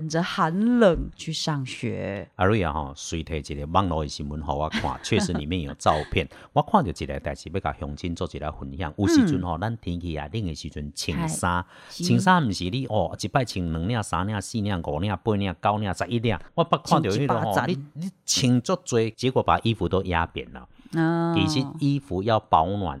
忍着寒冷去上學。阿、嗯、瑞啊，啊，哈，隨睇一個網絡嘅新聞，好啊，看，確 實裏面有照片。我看到一個代志，要甲鄉親做一下分享。有時陣吼，咱天氣啊，冷一時陣穿衫，穿衫唔是，是你哦，一擺穿兩領、三領、四領、五領、八領、九領、十一領。我看到、那個、你你穿足多，結果把衣服都壓扁了、哦。其實衣服要保暖。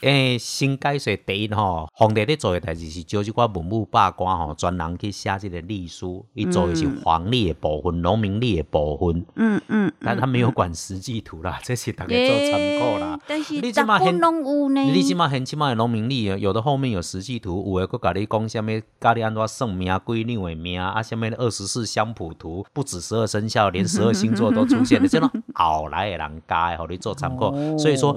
因 為、欸、新改稅第一吼、哦，皇帝咧做嘅代志是招一寡文武百官吼，專人去寫這個曆書，一、嗯、做嘅是皇帝嘅部分，農民曆嘅部分。嗯分嗯，嗯，但他沒有管實際圖啦，嗯、這是大概做參考啦。但是你起碼很攏有呢，你起碼很起碼有農民曆，有的後面有實際圖，有的佫家你講蝦米，家你安怎算命、啊，歸娘嘅命啊？啊，蝦米二十四相譜圖，不止十二生肖，連十二星座都出現了 來的人，這種後來誒人家嘅，好你做參考，哦、所以說。